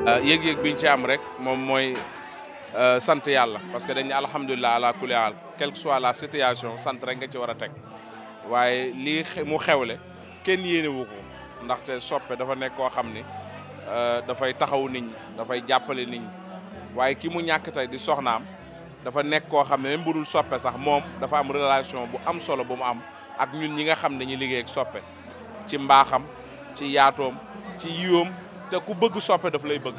Euh, yëg-yëg biñ ci am rek moom mooy euh, sant yàlla parce que dañ alhamdulilah ala kulli haal quelle soit la situation sant rek nga ci war a teg waaye lii mu xewle kenn yéenewu ko ndaxte soppe dafa nekk koo xam ni euh, dafay taxaw nit dafay jàppale nit waaye ki mu ñàkk tey di am dafa nekk koo xam ne même bu dul soppe sax moom dafa am relation bu am solo bu mu am ak ñun ñi nga xam ne dañuy liggéey soppe ci mbaaxam ci yaatoom ci yiwoom te ku bëgg soppe daf lay bëgg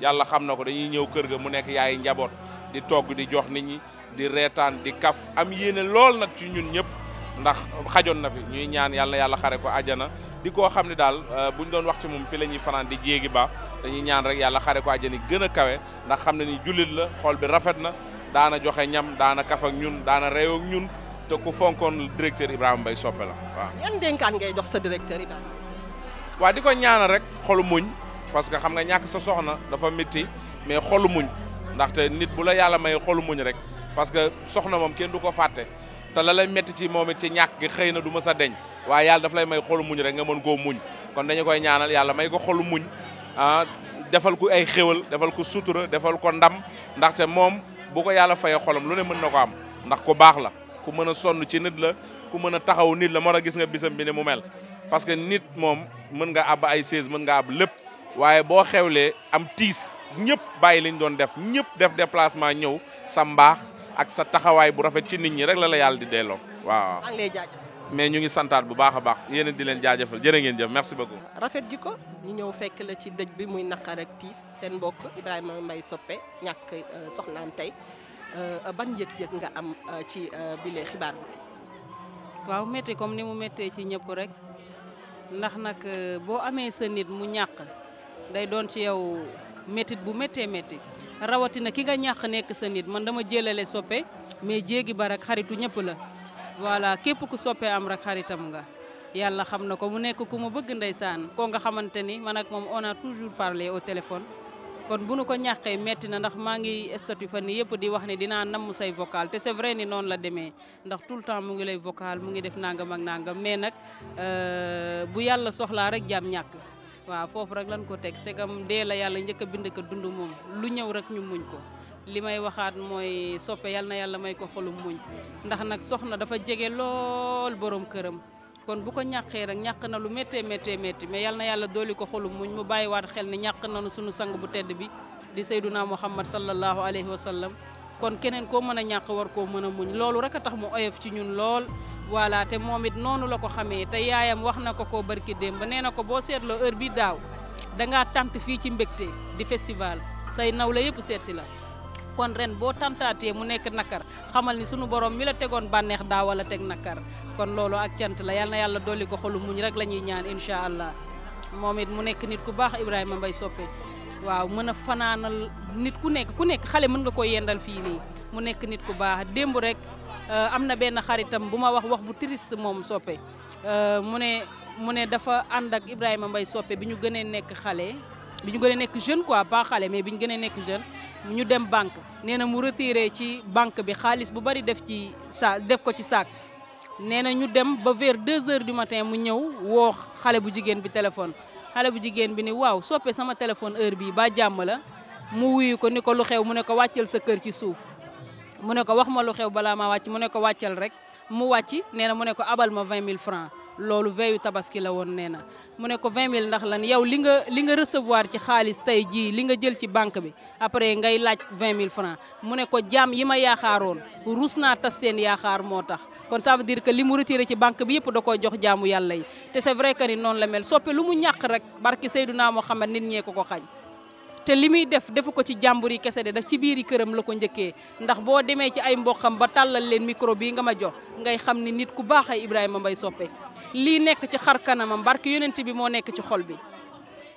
yàlla xam na ko dañuy ñëw kër ga mu nekk yaay njaboot di toog di jox nit ñi di reetaan di kaf am yéene lool nag ci ñun ñëpp ndax xajoon na fi ñuy ñaan yàlla yàlla xare ko ajana di koo xam ne daal euh, buñ doon wax ci moom fi la ñuy fanaan di jéegi ba dañuy ñaan rek yàlla xare ko àjjana gën a kawe ndax xam ne ni julit la xool bi rafet na daana joxe ñam daana kaf ak ñun daan reew ak ñun te ku fonkoon directeur Ibrahima Mbaye soppe la waaw. yan waa di parce que xam nga ñàkk sa soxna dafa métti mais xolu muñ ndaxte nit bu la yàlla may xolu muñ rek parce que soxna moom kenn du ko fàtte te la lay métti ci moom it ci ñàkk gi xëy na du ma sa deñ waaye yàlla daf lay may xolu muñ rek nga mën koo muñ kon dañu koy ñaanal yàlla may ko xolu muñ ah defal ko ay xéwal defal ko sutura defal ko ndam ndaxte moom bu ko yàlla fayee xolam lu ne mën na ko am ndax ko baax la ku mën a sonn ci nit la ku mën a taxaw nit la moo tax gis nga bisam bi ne mu mel parce que nit moom mën nga àbb ay sées mën nga àbb lépp waaye boo xewlee am tiis ñëpp bàyyi liñ doon def ñëpp def déplacement ñëw sa mbaax ak sa taxawaay bu rafet ci nit ñi rek la la yàlla di delloo waaw. mais ñu ngi santaat bu baax a baax yéen di leen jaajëfal jërë ngeen jëf merci beaucoup. rafet ji ko ñu ñëw fekk la ci dëj bi muy naqar ak tiis seen mbokk Ibrahima may soppee ñàkk euh, soxnaam tey euh, ban yëg-yëg nga am euh, ci bile xibaar bi. waaw métti comme ni mu méttee ci ñëpp rek ndax nag boo amee sa nit mu ñàkk. day doon ci yow métit bu méttee métti rawatina ki nga ñàq nekk sa nit man dama jëlale soppe mais jéegi ba rek xaritu ñëpp la voilà képp ku soppe am rek xaritam nga yàlla xam na ko mu nekk ku mu bëgg saan ko nga xamante ni man ak moom on a toujours parlé au téléphone kon bu nu ko ñàqee metti na ndax maa ngi statut fan ni yëpp di wax ne dinaa namm say vocal te c'est vrai ni noonu la demee ndax tout le temps mu ngi lay vocal mu ngi def nangam ak nangam mais nag euh, bu yàlla soxlaa rek jaam ñàkk waaw foofu rek lañ ko teg segam dee la yàlla njëkk a bind ko dund moom lu ñëw rek ñu muñ ko li may waxaat mooy soppe yal na yàlla may ko xolum muñ ndax nag soxna dafa jege lool borom këram kon bu ko ñàqee rek ñàq na lu mette méttee métti mais yàlla yàlla dooli ko xolum muñ mu bàyyi bàyyiwaat xel ne ñàq na sunu sang bu tedd bi di sayduna muhammad sallallahu alayhi wa kon keneen koo mën a ñàq war koo mën a muñ loolu rek a tax mu oyof ci ñun lool voilà te moom it noonu la ko xamee te yaayam wax na ko koo barki démb nee na ko boo seetloo heure bi daaw dangaa tant fii ci mbégte di festival say naw la yëpp seet si la kon ren boo tantaatee mu nekk nakar xamal ni sunu borom mi la tegoon bànneex daaw wala teg nakar kon looloo ak cant la yàlla yàlla dolli ko xolu muñ rek la ñuy ñaan incha allah moomit mu nekk nit ku baax Ibrahima Mbaye Sopé waaw mën a fanaanal nit ku nekk ku nekk xale mën nga ko yendal fii nii mu nekk nit ku baax démb rek Euh, am na benn xaritam bu ma wax wax bu tiris moom soppe euh, mu ne mu ne dafa ànd ak Ibrahima mbay soppe bi ñu gënee nekk xale bi ñu gën a nekk jeune quoi pas xale mais bi ñu gënee nekk jeune ñu dem banque nee na mu retiré ci banque bi xaalis bu bari def ci sa def ko ci saak nee na ñu dem ba vers deux heures du matin mu ñëw woo xale bu jigéen bi téléphone xale bu jigéen bi ni waaw soppe sama téléphone heure bii ba jàmm la mu wuyu ko ni ko lu xew mu ne ko wàccal sa kër ci suuf mu ne ko wax ma lu xew balaa ma wàcc mu ne ko wàccal rek mu wàcc nee na mu ne ko abal ma 20 mille francs loolu veyu tabaski la woon nee na mu ne ko 20 000 ndax la yow li nga li nga recevoir ci xaalis tey jii li nga jël ci banque bi après ngay laaj 20 mille francs mu ne ko jaam yi ma yaakaaroon ruus naa tas seen yaakaar moo tax kon ça veut dire que li mu retiré ci banque bi yëpp da koy jox jaamu yàlla yi te c'est que ni noonu la mel soppe lu mu ñàkk rek barki Seydunaa Muhammad nit ñee ko ko xañ te li muy def defu ko ci jàmbur yi kese de daf ci biiri këram la ko njëkkee ndax boo demee ci ay mboqam ba tàllal leen micro bii nga ma jox ngay xam ni nit ku baax ay Ibrahima Mbaye Sopé lii nekk ci xar kanamam barke yonent bi moo nekk ci xol bi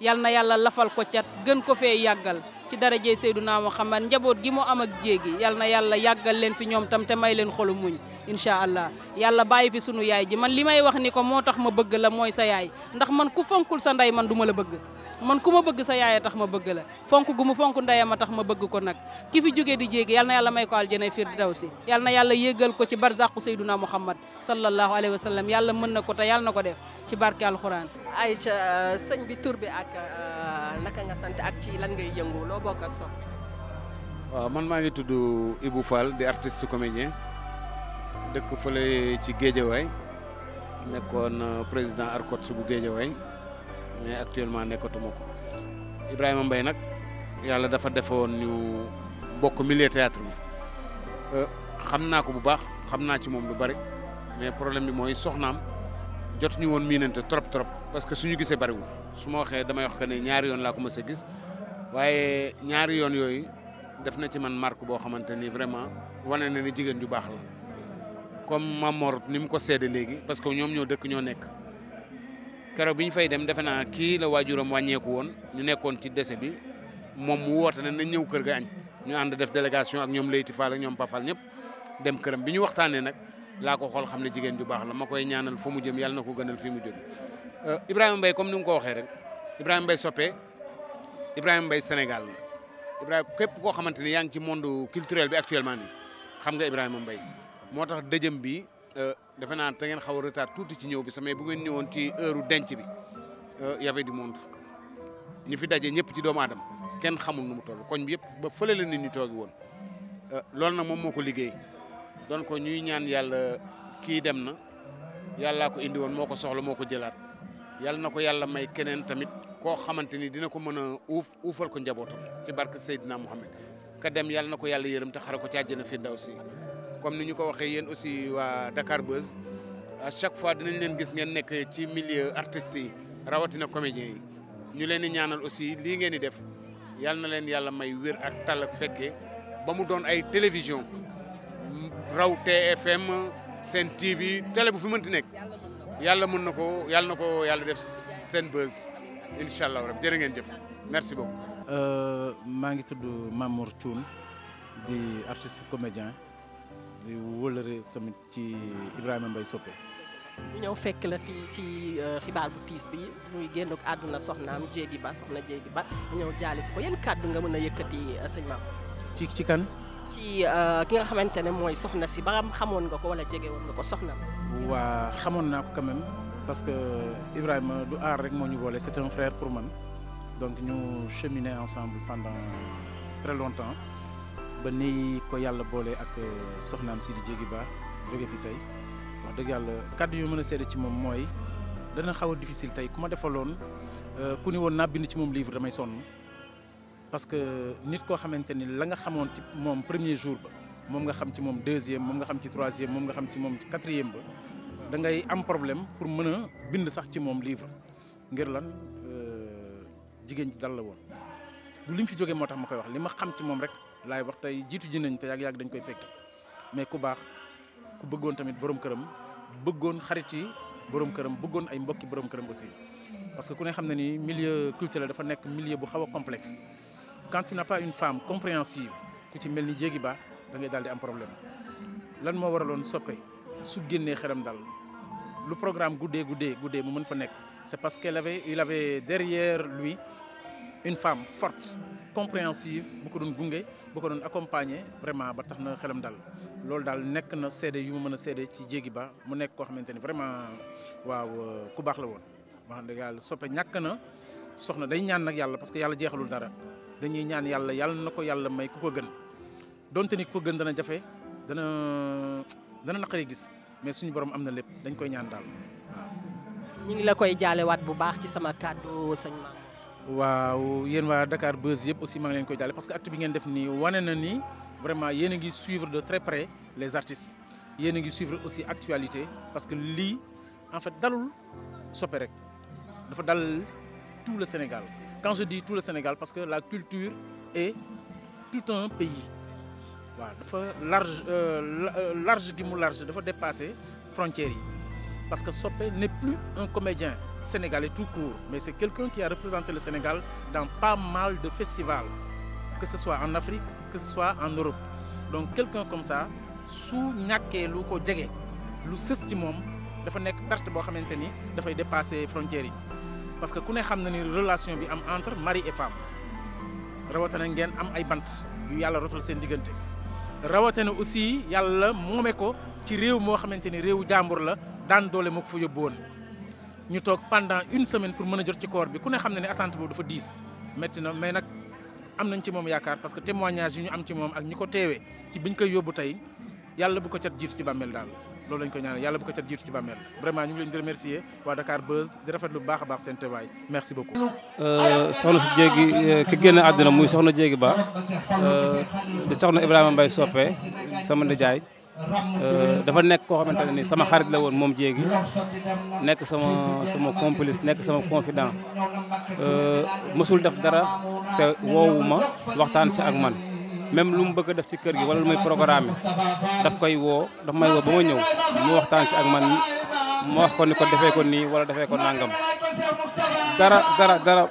yal na yàlla lafal ko cat gën ko fee yàggal ci dara darajey Seydunaa Muhammad njaboot gi mu am ak jéegi yal na yàlla yàggal leen fi ñoom tam te may leen xolu muñ incha allah yàlla bàyyi fi sunu yaay ji man li may wax ni ko moo tax ma bëgg la mooy sa yaay ndax man ku fonkul sa ndey man duma la bëgg man ku ma bëgg sa yaay tax ma bëgg la fonk gu mu fonk ndeyam a tax ma bëgg ko nag ki fi jógee di jéegi yal na yàlla may ko aljana si yal na yàlla yéegal ko ci barzaqu sayduna muhammad sallallahu alayhi wa sallam yàlla mën na ko te yàlla na ko def ci barke alxuraan. Aïcha sëñ bi tur bi ak euh, naka nga sant ak ci lan ngay yëngu loo bokk ak sopp waaw man maa ngi tudd Ibou Fall di artiste comédien dëkk fële ci Géejawaay nekkoon euh, président Arcot bu Géejawaay. mais actuellement nekkatuma ko Ibrahima mbay nag yàlla dafa woon ñu bokk milieu théâtre bi euh, xam naa ko bu baax xam naa ci moom lu bari mais problème bi mooy soxnaam jot ñu woon miinante trop trop parce que su ñu gisee bariwul su ma waxee damay wax que ne ñaari yoon laa ko mës a gis waaye ñaari yoon yooyu def na ci man marque boo xamante ni vraiment wane na ni jigéen ju baax la comme Mamor ni mu ko seede léegi parce que ñoom ñoo dëkk ñoo nekk. keroog bi ñu fay dem defe naa kii la waajuram wàññeeku woon ñu nekkoon ci décès bi moom mu woote ne na ñëw kër ga añ ñu ànd def délégation ak ñoom Leyti Fall ak ñoom Pafal ñëpp dem këram bi ñu waxtaanee nag laa ko xool xam ne jigéen ju baax la ma koy ñaanal fa mu jëm yàlla na ko gënal fi mu jël euh, Ibrahima Mbaye comme ni nga ko waxee rek Ibrahima Mbaye soppee Ibrahima Mbaye Sénégal la Ibrahima képp koo xamante ni yaa ngi ci monde culturel bi actuellement nii xam nga Ibrahima Mbaye Euh, defe naa te ngeen xaw a retard tuuti ci ñëw bi samay bu ngeen woon ci heure denc bi euh, y avait moom monde ñi fi daje ñëpp ci doomu aadama kenn xamul nu mu toll koñ bi yëpp ba fële la nit ñi toogi woon euh, loolu nag moom moo ko liggéey doon ñuy ñaan yàlla kii dem na yàllaa ko indi woon moo ko soxla moo ko jëlaat yàlla na ko yàlla may keneen tamit koo xamante ni dina ko mën a uuf uufal ko njabootam ci barke Seydina Mouhamed ka dem yàlla na ko yàlla yërëm te xare ko ci àjjana firdawsi comme ni ñu ko waxee yéen aussi waa Dakar Buzz a chaque fois dinañ leen gis ngeen nekk ci milieu artistes yi rawatina comédiens yi ñu leen di ñaanal aussi lii ngeen di def yal na leen yàlla may wér ak tal ak fekkee ba mu doon ay télévision raw TFM seen TV télé bu fi mënti nekk yàlla mun na ko yàlla na ko yàlla def seen buzz incha allah rab jërë ngeen jëf merci beaucoup. Euh, maa ngi tudd Mamour Thioune di artiste comédien. di wëlëre samit ci Ibrahima Mbaye Sopé ñu ñëw fekk la fii ci euh, xibaar bu tiis bi muy génn àdduna soxnaam jéegi ba soxna jéegi ba ñëw jaale si ko yan kàddu nga mën a yëkkati euh, sëñ maam ci ci kan ci euh, ki nga xamante ne mooy soxna si ba xamoon nga ko wala jege woon nga ko soxna waa xamoon naa ko quand parce que Ibrahima du aar rek moo ñu boole c'est un frère pour man donc ñu cheminer ensemble pendant très longtemps ba ni ko yàlla boole ak euh, soxnaam si di jéegi baax jóge fi tey wax dëgg yàlla kàddu yu mën a seede ci moom mooy dana xaw a difficile tey ku ma defaloon euh, ku ni woon naa bind ci moom livre damay sonn parce que nit koo xamante ni la nga xamoon ci moom premier jour ba moom nga xam ci moom deuxième moom nga xam ci troisième moom nga xam ci moom ci quatrième ba da ngay am problème pour mën a bind sax ci moom livre ngir lan euh, jigéen ji dal la woon du li fi jógee moo tax ma koy wax li ma xam ci moom rek laay wax tey jiitu ji nañ te yàgg-yàgg dañ koy fekk mais ku baax ku bëggoon tamit borom këram bëggoon xarit yi borom këram bëggoon ay mbokki borom këram aussi. parce que ku ne xam na ni milieu culturel dafa nekk milieu bu xaw a complexe quand tu n'as pas une femme compréhensive ku ci mel ni jéegi ba da ngay daal di am problème lan moo waraloon soppe su génnee xelam dal lu programme guddee guddee guddee mu mën fa nekk c'est parce qu'elle avait il avait derrière lui une femme forte compréhensive bu ko doon gunge bu ko doon accompagner vraiment ba tax na xelam dal loolu daal nekk na seede yu ma mën a seede ci Diégui Ba mu nekk koo xamante ni vraiment waaw ku baax la woon. wax dëgg yàlla soppe ñàkk na soxna day ñaan nag yàlla parce que yàlla jeexalul dara dañuy ñaan yàlla yàlla na ko yàlla may ku ko gën donte ni ku ko gën dana jafe dana dana naqaree gis mais suñu borom am na lépp dañ koy ñaan daal ñu ngi la koy jaalewaat bu baax ci sama kàddu sëñ Maam waaw yéen waa Dakar Buzz yëpp aussi maa ngi leen koy jàlle parce que acte bi ngeen def nii wane na ni vraiment yéen a ngi suivre de très près les artistes yéen a ngi suivre aussi actualité parce que lii en fait dalul soppe rek dafa dal tout le Sénégal quand je dis tout le Sénégal parce que la culture est tout un pays waaw dafa large euh, euh, large gi mu large dafa dépasser frontières yi parce que soppe n'est plus un comédien sénégalais tout court, mais c'est quelqu'un qui a représenté le Sénégal dans pas mal de festivals, que ce soit en Afrique, que ce soit en Europe. Donc quelqu'un comme ça su ñàkkee lu ko jege lu sës ci moom dafa nekk perte boo xamante ni dafay dépasser frontières yi parce que ku ne xam na ni relation bi am entre mari et femme rawatina ngeen am ay bant yu yàlla rotal seen diggante rawatina aussi yàlla moome ko ci réew moo xamante ni réewu jàmbur la daan doole moo ko fa yóbbu ñu toog pendant une semaine pour mën a jot ci corps bi ku ne xam ne ne attente boobu dafa diis métti na mais nag am nañ ci moom yaakaar parce que témoignage yu ñu am ci moom ak ñu ko teewee ci biñ koy yóbbu tey yàlla bu ko cat jiitu ci bàmmeel daal loolu lañ ko ñaanal yàlla bu ko cat jiitu ci bàmmeel vraiment ñu ngi leen di remercier waa Dakar Buzz di rafetlu bu baax baax seen teewaay merci beaucoup. Euh, soxna si jéegi euh, ki génn àdduna muy soxna jéegi ba euh, di soxna Ibrahima Mbaye Soppe sama nijaay. Euh, dafa nekk koo xamante ne ni sama xarit la woon moom jéegi nekk sama sama complice nekk sama confident euh, mësul def dara te woowu ma waxtaan si ak man même lu mu bëgg a def ci kër gi wala lu muy programme daf koy woo daf may woo ba ma ñëw mu waxtaan si ak man ma wax ko ni ko defee ko nii wala defee ko nangam dara dara dara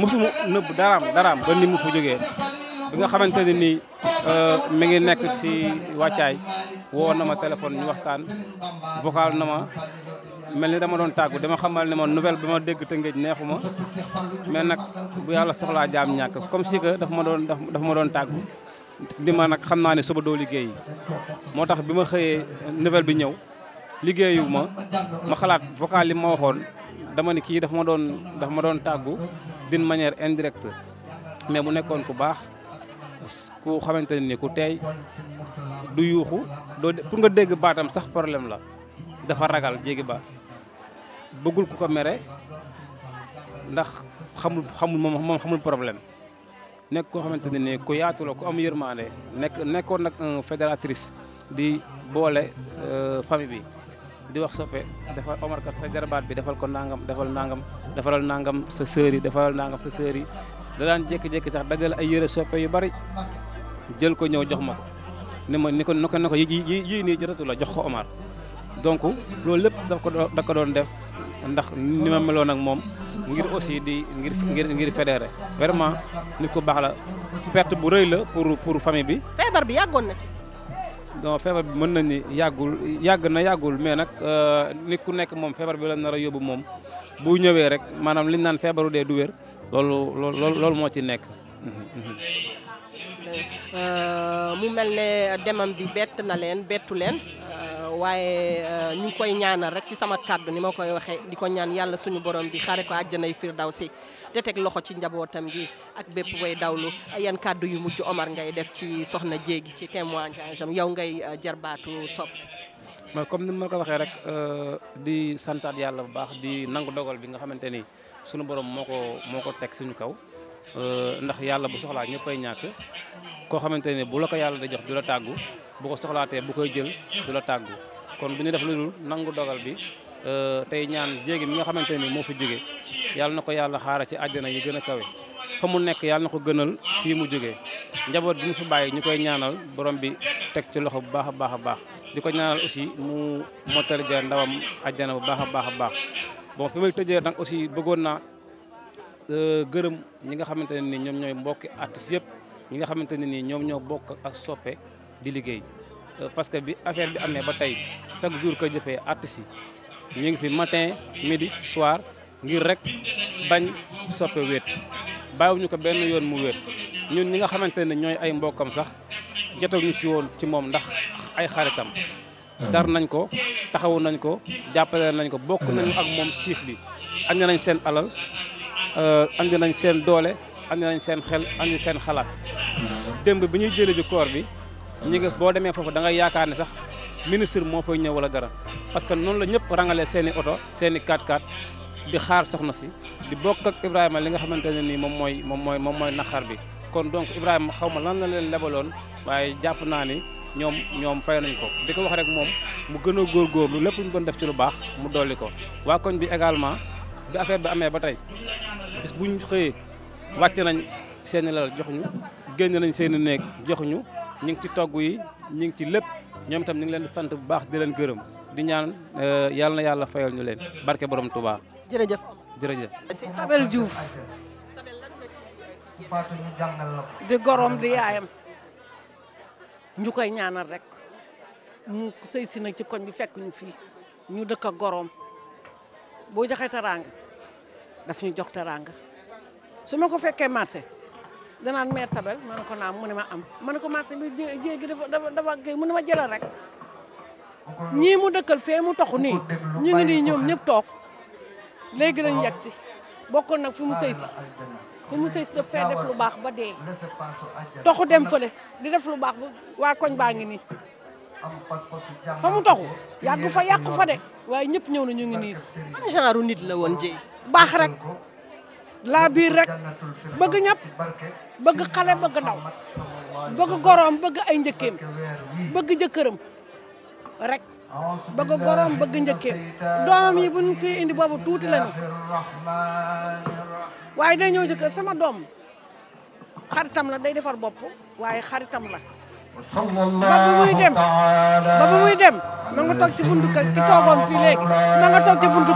mësuma nëbb daraam daraam ba ni mu fa jógee bi nga xamante ne nii euh, mi ngi nekk si wàccaay woo na ma téléphone ñu waxtaan vocal na ma mel ni dama doon tàggu dama xamal ne ma nouvelle bi ma dégg te ngéej neexu ma mais nag bu yàlla soxlaa jaam ñàkk comme si que daf ma doon daf ma doon tàggu di ma nag xam naa ne suba doo liggéey moo tax bi ma xëyee nouvelle bi ñëw liggéeyu ma ma xalaat vocal li ma waxoon dama ni kii daf ma doon daf ma doon tàggu d'une manière indirect mais mu nekkoon ku baax ku xamante ne ni ku teey du yuuxu doo pour nga dégg baatam sax problème la dafa ragal jéggi ba bëggul ku ko mere ndax xamul xamul moom xamul problème nekk koo xamante ne ni ku yaatuloo ko ku yërmaande nekk nekkoon nag un di boole euh, famille bi di wax soppe dafa Omar kat sa jarbaat bi defal ko nangam defal nangam defaral nangam sa sœur yi defaral sa sœur da daan jékki-jékki sax dajal ay yëre soppe yu bari jël ko ñëw jox ma ko ne ma ni ko ni ko ko yi yii nii jërëtu la jox ko Omar donc loolu lépp da ko da ko doon def ndax ni ma meloon ak moom ngir aussi di ngir ngir ngir fédéré vraiment nit ku baax la perte bu rëy la pour pour famille bi. feebar bi yàggoon na ci. donc feebar bi mën na ni yàggul yàgg na yàggul mais nag euh, nit ku nekk moom feebar bi la nara a yóbbu moom bu ñëwee rek maanaam liñ naan feebaru dee du wér loolu loolu loolu moo ci nekk. Mhm, mhm. Euh, mu mel ne demam bi bett na leen bettu leen euh, waaye euh, ñu koy ñaanal rek ci sama kàddu ni ma koy waxee di ko ñaan yàlla suñu borom bi xare ko àjjanay si te teg loxo ci njabootam gi ak bépp way dawlu yan kàddu yu mujj Omar ngay def ci soxna jéegi ci témoignage am yow ngay jarbaatu sob ma comme ni ma ko waxee rek di santaat yàlla bu baax di nangu dogal bi nga xamante ni suñu borom moo ko moo ko teg suñu kaw Euh, ndax yàlla bu soxlaa ñëppay ñàkk koo xamante ne bu la ko yàlla di jox du la tàggu bu ko soxlaatee bu koy jël du la tàggu kon bu ñu def lu dul nangu dogal bi euh, tey ñaan jéegi mi nga xamante ni moo fi jóge yàlla na ko yàlla xaaral ci àjjana yi gën a kawe fa mu nekk yàlla na ko gënal fii mu jógee njaboot bi mu fi bàyyi ñu koy ñaanal borom bi teg ci loxo bu baax a baax a baax di ko ñaanal aussi mu mottali ja ndawam àjjana bu baax a baax a baax bon fi may Euh, gërëm ñi nga xamante ne nii ñoom ñooy mbokki artistes yëpp ñi nga xamante ne nii ñoom ñoo bokk ak soppe di liggéey euh, parce que bi affaire bi amee ba tey chaque jour ko jëfee artistes yi ñu ngi fi matin midi soir ngir rek bañ soppe wéet bàyyiwuñu ko benn yoon mu wéet ñun ñi nga xamante ne ñooy ay mbokkam sax jotewuñu si woon ci moom ndax ay xaritam dar nañ ko taxawu nañ ko jàppale nañ ko bokk nañu ak moom tiis bi añ nañ seen alal Euh, andi nañ seen doole andi nañ seen xel andi seen xalaat dëmb bi ñuy jëlee ji koor bi ñu nga boo demee foofu da ngay yaakaar ne sax ministre moo fay ñëw wala dara parce que noonu la ñëpp rangalee seen i oto seeni i 4 di xaar soxna si di bokk Ibrahima li nga xamante ne nii moom mooy moom mooy moom mooy naxar bi kon donc Ibrahima xaw ma lan la leen lebaloon waaye jàpp naa ni ñoom ñoom fay nañ ko di ko wax rek moom mu gën a góorlu lépp lu ñu doon def ci lu baax mu dolli ko waa bi affaire bi amee ba tey bis bu ñu xëyee wàcc nañ seeni lal jox ñu génn nañ seeni néeg jox ñu ñu ngi ci togg yi ñu ngi ci lépp ñoom itam ñu ngi leen di sant bu baax di leen gërëm di ñaan euh, yàlla na yàlla fayal ñu leen barke boroom Touba. jërëjëf jërëjëf. Sabel Diouf. di gorom di yaayam ñu koy ñaanal rek mu sëy si nag ci koñ bi fekk ñu fii ñu dëkk ak gorom boo joxee teraanga daf ñu jox teraanga su ma ko fekkee marché danaan mère Sabel ma ne ko naam mu ne ma am ma ne ko marché bi jéegi dafa dafa dafa kii mu ne ma jëlal rek ñii mu dëkkal fee mu taxu nii ñu ngi nii ñoom ñëpp toog léegi lañ yegg si bokkoon nag fu mu sëy si mu sëy daf fee def lu baax ba dee toxu dem fële di def lu baax waa koñ baa ngi nii fa mu taxu yàgg fa yàq fa de waaye ñëpp ñëw na ñu ngi nii. man genre nit la woon jéy. baax rek laa biir rek bëgg ñëpp bëgg xale bëgg ndaw bëgg goroom bëgg ay njëkkeem bëgg jëkkëram rek bëgg goroom bëgg njëkkeem doomam yi bu ñu fi indi boobu tuuti lañu waaye day ñëw jëkkër sama doom xaritam la day defar bopp waaye xaritam la. ba bu muy dem ba bu muy dem ma nga toog ci buntu ki toogoon fii léegi ma nga toog ci buntu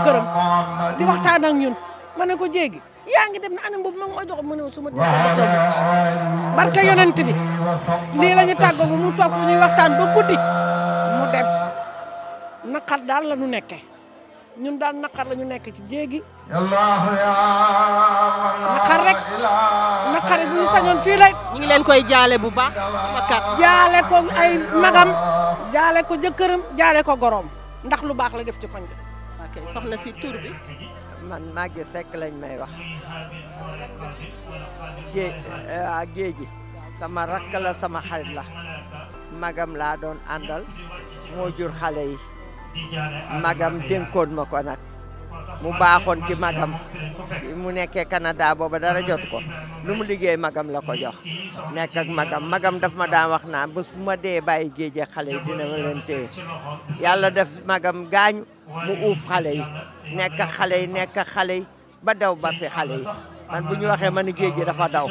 di waxtaan ak ñun ma ne ko jéegi yaa ngi dem na anam boobu ma nga ma jox mu ne su ma di soog barke yonent bi lii la ñu tàggoo mu toog fu ñuy waxtaan ba mu dem naqar daal la ñu nekke ñun daal naqar la ñu nekk ci jéegi naqar rek naqar bu ñu fii rek. ñu ngi leen koy jaale bu baax sama kat. jaale ko ay magam jaale ko jëkkëram jaale ko goroom ndax lu baax la def ci pañ bi. ok si tur bi. man Maguette Seck lañ may wax. gée ah géeji sama rakk la sama xarit la magam laa doon àndal moo jur xale yi magam dénkoon ma ko nag. mu baaxoon ci magam mu nekkee Canada booba dara jot ko lu mu liggéey magam la ko jox nekk magam magam daf ma daan wax naa bés bu ma dee bàyyi géeje xale yi dina ma leen téye yàlla def magam gaañ mu uuf xale yi nekk xale yi nekk xale yi ba daw ba fi xale yi man bu ñu waxee man géeje dafa daw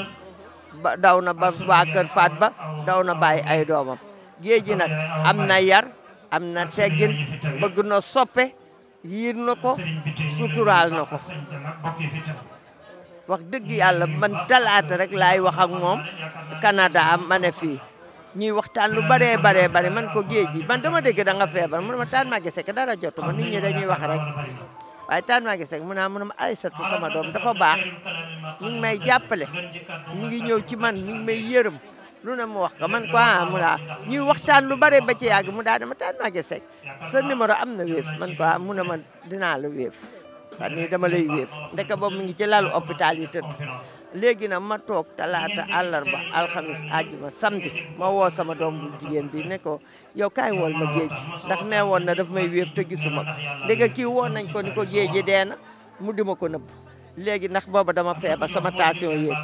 ba daw na ba waa faat ba daw na bàyyi ay doomam géeji nag am na yar am na teggin bëgg na soppe yiir na ko suturaal na ko wax dëgg yàlla man talaata rek laay wax ak moom Canada ma ne fii ñuy waxtaan lu bare baree bare man ko géej gi man dama dégg da a feebar mu ne ma taan maa gisee dara jotu ma nit ñi dañuy wax rek waaye taan maa gisee mu naa mu ne ma Aysatu ma doom dafa baax ñu ngi may jàppale ñu ngi ñëw ci man ñu ngi may yërëm lu ne mu wax ko man ko ah mu laa ñuy waxtaan lu bare ba ci yàgg mu daal dama taan Maguette Seck sa numéro am na wéef man ko ah mu ne ma dinaa la wéef fan yii dama lay wéef ndeke boobu mu ngi ci lalu hôpital yi tëdd léegi nag ma toog talaata àllarba alxamis àjjuma samedi ma woo sama doom bu jigéen bi ne ko yow kaay wool ma géej ndax ne woon na daf may wéef te gisuma ko ndeke ki woon nañ ko ni ko géej ji dee na mu dima ko nëbb léegi ndax booba dama feebar sama tension yéeg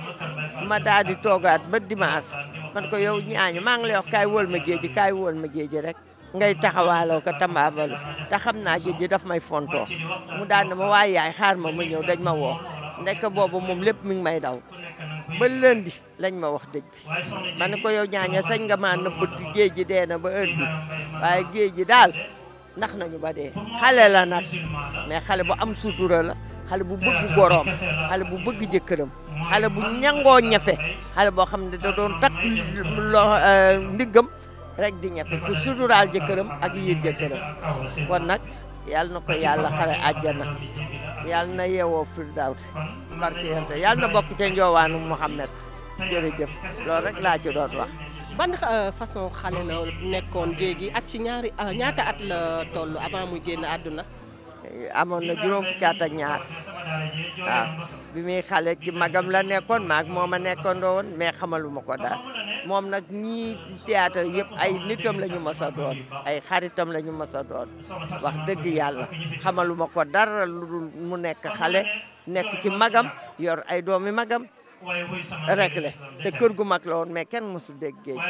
ma daal di toogaat ba dimanche man ko yow ñaañu maa ngi lay wax kaay wóol ma géeji kaay wóol ma géeji rek ngay taxawaaloo ko tambaabalu te xam naa géej gi daf may fontoo mu daan ma waaye yaay xaar ma ma ñëw dañ ma woo ndekk boobu moom lépp mi may daw ba lundi lañ ma wax dëj bi ma ko yow ñaaña sañ nga maa nëbb géej gi dee na ba heure bi waaye géej gi daal ndax nañu ba dee xale la nag mais xale bu am sutura la xale bu bëgg goroom xale bu bëgg jëkkëram xale bu ñangoo ñafe xale boo xam ne da doon takk euh, ndiggam rek di ñafe pour suturaal jëkkëram ak yiir jëkkëram kon nag yàlla na ko yàlla xale àjjana yàlla na yeewoo firdaw barke yente yàlla na bokk ca njoowaanu Muhammad jërëjëf loolu rek laa ci doon wax ban euh, façon xale la nekkoon jéegi ak ci ñaari euh, ñaata at la toll avant muy génn àdduna amoon na juróom fukki at ak ñaar waaw ah, bi muy xale ci magam la nekkoon maag moo ma nekkandoo woon mais xamaluma ko daal moom nag ñii théâtre yëpp ay nitam la ñu mës doon ay xaritam la ñu mës doon wax dëgg yàlla xamaluma ko dara lu dul mu nekk xale nekk ci magam yor ay doomi magam rek la kër gu mag la woon mais kenn mësu dégg géej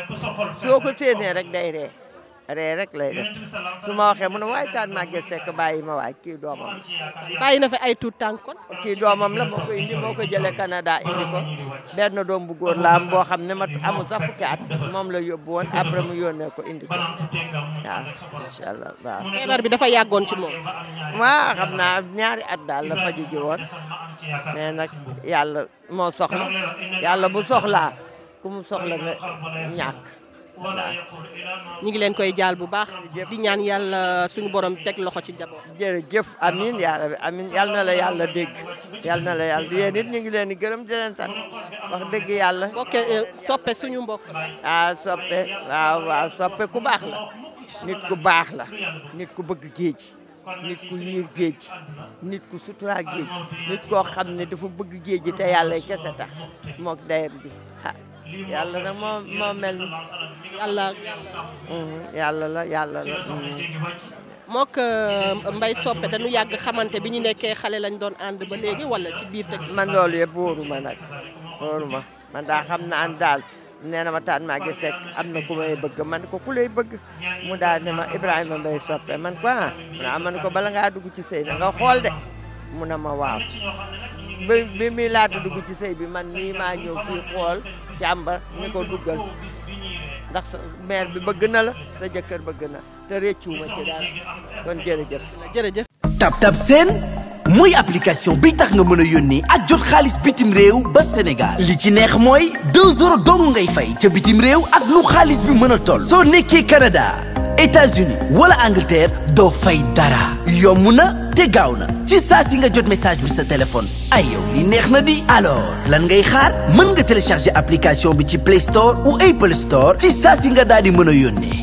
soo ko rek day ree ree rek lay def su ma waxee mu ne waaye taan màgget sekk bàyyi ma waay kii doomam la. bàyyi na fi ay tuut tànk kon. kii doomam la moo ko indi moo ko jëlee Canada indi ko benn doom bu góor la boo xam ne ma amul sax fukki at moom la yóbbu woon après mu yónnee ko indi ko waaw macha allah waaw. feebar bi dafa yàggoon ci moom. waaw xam naa ñaari at daal la faju ji woon nag yàlla moo soxla yàlla bu soxlaa ku mu soxla nga ñàkk. ñu ngi leen koy jaal bu baax di ñaan yàlla suñu borom teg loxo ci njaboot jëf amin yàlla amin yàlla na yàlla dégg yàlla na ngi leen di gërëm di leen sant wax dëgg yàlla bokke eh, soppe suñu mbokk ah soppe waaw waaw soppe ku baax la nit ku baax la nit ku bëgg géej nit ku yiir géej nit ku suturaal géej nit koo xam ne dafa bëgg géej te yàlla kese tax mook dayam bi yàlla nag moo moo mel ni yàlla mm-hmm. yàlla la yàlla la mm-hmm. euh, mbay soppe dañu yàgg xamante bi ñu kee xale lañ doon ànd ba léegi wala ci biir teg man loolu yëpp wóoruma nag wóoruma man daa xam na an daal nee na ma taan maa ngi am na ku may bëgg man ko ku lay bëgg mu daal ne ma Ibrahima mbay soppe man ko ah man ko bala ngaa dugg ci sëy na de mu a ma waaw bi muy laata dugg ci sëy bi man mii maa ñëw fii xool càmbar ni ko duggal ndax maire bi bëgg na la sa jëkkër bëgg na te réccuuma ci daal kon tab tab seen mooy application bi tax nga mën a yónnee ak jot xaalis bitim réew ba Sénégal li ci neex mooy 2 euros dong ngay fay ca bitim réew ak lu xaalis bi mën a toll soo nekkee Canada États-Unis wala Angleterre doo fay dara yomb na te gaaw na ci saa si nga jot message bi sa téléphone ay yow li neex na di alors lan ngay xaar mën nga télécharger application bi ci Play Store ou Apple Store ci saa si nga daal di mën a yónnee